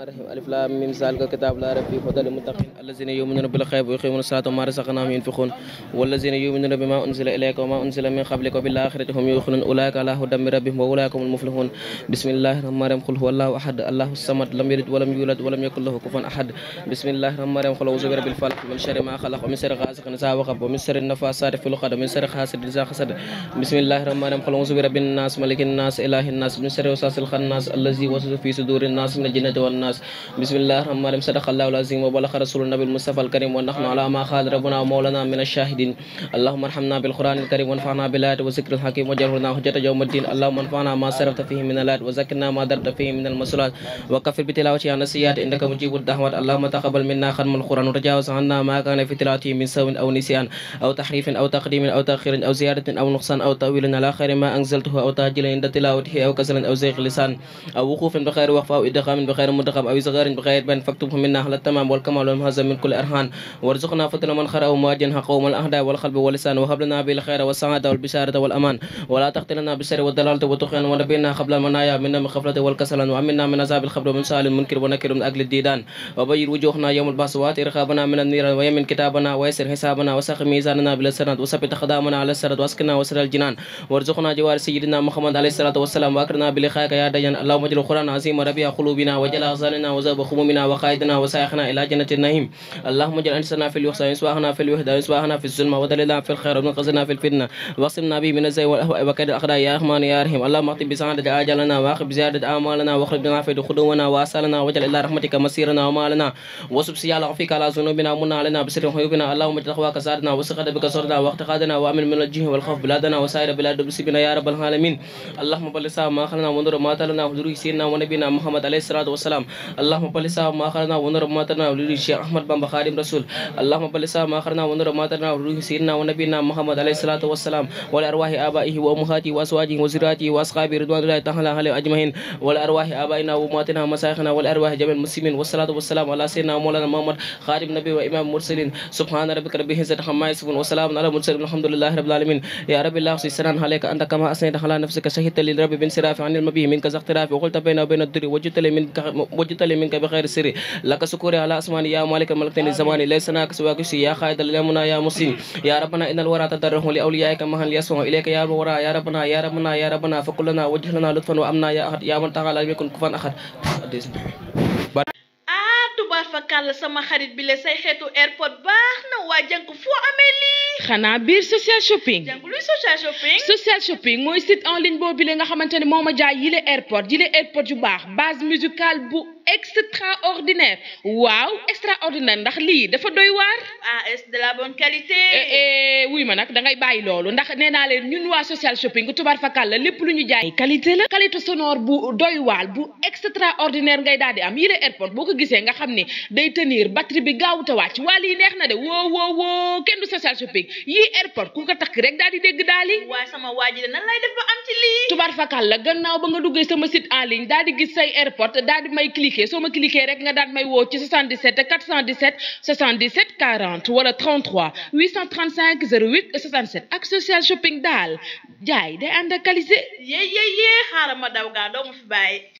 الرحيم الف لام ميم سالك كتاب لا ربي فيه هدى للمتقين الذين يؤمنون بالغيب ويقيمون الصلاه وما رزقناهم ينفقون والذين يؤمنون بما انزل اليك وما انزل من قبلك وبالاخره هم يوقنون اولئك على هدى من ربهم واولئك هم المفلحون بسم الله الرحمن الرحيم قل هو الله احد الله الصمد لم يلد ولم يولد ولم يكن له كفوا احد بسم الله الرحمن الرحيم قل اعوذ برب الفلق من شر ما خلق ومن شر غاسق اذا وقب ومن شر النفاثات في العقد ومن شر حاسد اذا حسد بسم الله الرحمن الرحيم قل اعوذ برب الناس ملك الناس اله الناس من شر وساوس الخناس الذي وسوس في صدور الناس من الجنه والناس الناس بسم الله الرحمن الرحيم صدق الله العظيم وبلغ رسول النبي المصطفى الكريم ونحن على ما خال ربنا ومولانا من الشاهدين اللهم ارحمنا بالقران الكريم وانفعنا بالآيات وذكر الحكيم وجعلنا حجة يوم الدين اللهم انفعنا ما صرفت فيه من الآيات وذكرنا ما درت فيه من المصلات وكفر بتلاوته عن السيئات انك مجيب الدعوات اللهم تقبل منا ختم القران وتجاوز عنا ما كان في تلاوته من سوء او نسيان او تحريف او تقديم او تاخير او زياده او نقصان او تاويل على خير ما انزلته او تاجيل عند تلاوته او كسل او زيغ لسان او وقوف بخير وقف او ادغام بخير مدغم عقب أو صغار بغير بين فاكتبهم منا أهل التمام والكمال والمهزم من كل إرهان وارزقنا فضل من خرأ ومواجنها قوم الأهداء والقلب واللسان وهب لنا بالخير والسعادة والبشارة والأمان ولا تقتلنا بالشر والضلالة والطغيان ونبينا قبل المنايا منا من خفلة والكسل وأمنا من عذاب الخبر من سال منكر ونكر من أجل الديدان وبير وجوهنا يوم البعث وآت رقابنا من النير ويمن كتابنا ويسر حسابنا وسخ ميزاننا بالسند وثبت أقدامنا على السرد واسكنا وسر الجنان وارزقنا جوار سيدنا محمد عليه الصلاة والسلام وأكرنا بلقائك يا ديان اللهم اجعل القرآن عظيم ربيع قلوبنا وجل أحزاننا وذهب خمومنا وقائدنا وسائحنا إلى جنة النعيم اللهم اجعل أنسنا في الوحسن وصباحنا في الوحدة وصباحنا في الظلمة ودللنا في الخير ومن في الفتنة واقسمنا به من الزي والأهواء وكيد الأخلاء يا رحمن يا رحيم اللهم اكتب بسعادة آجالنا واخب بزيادة أعمالنا واخرج بنا في دخولنا وآسالنا واجعل إلى رحمتك مسيرنا ومالنا وصب سيال عفيك على ذنوبنا ومن علينا بسر حيوبنا اللهم اجعل أخواك سعدنا وسخد بك سردنا واقتقادنا وأمن من الجه والخوف بلادنا وسائر بلاد المسلمين يا رب العالمين اللهم بلسا ما خلنا وانظر ما تلنا وحضور سيدنا ونبينا محمد عليه الصلاة والسلام اللهم بل سا ما خرنا ونر ماتنا ولي شيخ احمد بن بخاري رسول اللهم بل سا ما خرنا ونر ماتنا ولي سيدنا ونبينا محمد عليه الصلاه والسلام والارواح ابائه وامهاته وازواجه وزراته واصحابه رضوان الله تعالى عليهم اجمعين والارواح ابائنا وامهاتنا ومشايخنا والارواح جميع المسلمين والصلاه والسلام على سيدنا مولانا محمد خادم النبي وامام المرسلين سبحان ربك رب العزه عما يصفون وسلام على المرسلين الحمد لله رب العالمين يا رب الله سيسران عليك انت كما اثنيت على نفسك شهدت للرب بن صراف عن المبي منك زختراف وقلت بين وبين الدر وجدت لي منك wajitali min ka bi xayri siri laka sukuri ala asmani ya malika malakatani zamani laysa naka siwaka si ya xaydal lamuna ya musin ya rabbana innal wara tadarruhu li awliyaika mahan liyasmahu ilayka ya wara ya rabbana ya rabbana ya rabbana fakulana wajhlana lutfan wa amna ya ahad ya man taala lam yakun kufan tubaar fa kàll sama xarit bi la say xeetu airport baax na waa jànk foo amee lii xanaa biir social shopping jànk luy social shopping social shopping mooy site en ligne nga xamante ne moo ma jaay yile airport yile airport yu baax base musicale bu extraordinaire waaw extraordinaire ndax lii dafa doy waar. ah est de la bonne qualité. Eh, eh, wuy ma nag da ngay bàyyi loolu ndax nee naa leen ñun waa social shopping tubaar fakal la lépp lu ñu jaay qualité la. qualité sonor bu doy waar bu extraordinaire ngay daal di am yile airport boo ko gisee nga xam ni day tenir batterie bi gaaw te wàcc waa lii neex na de woo woo woo kenn du social shopping yi airport ku ko takk rek daal di dégg daali di. sama waa ji de nan lay def ba am ci lii. tubaar en ligne daal di gis say airport daal di may cliquer vous cliquez, cliquer rek nga 417 77 40 wala 33 835 08 67 ak social shopping d'Al. jaay day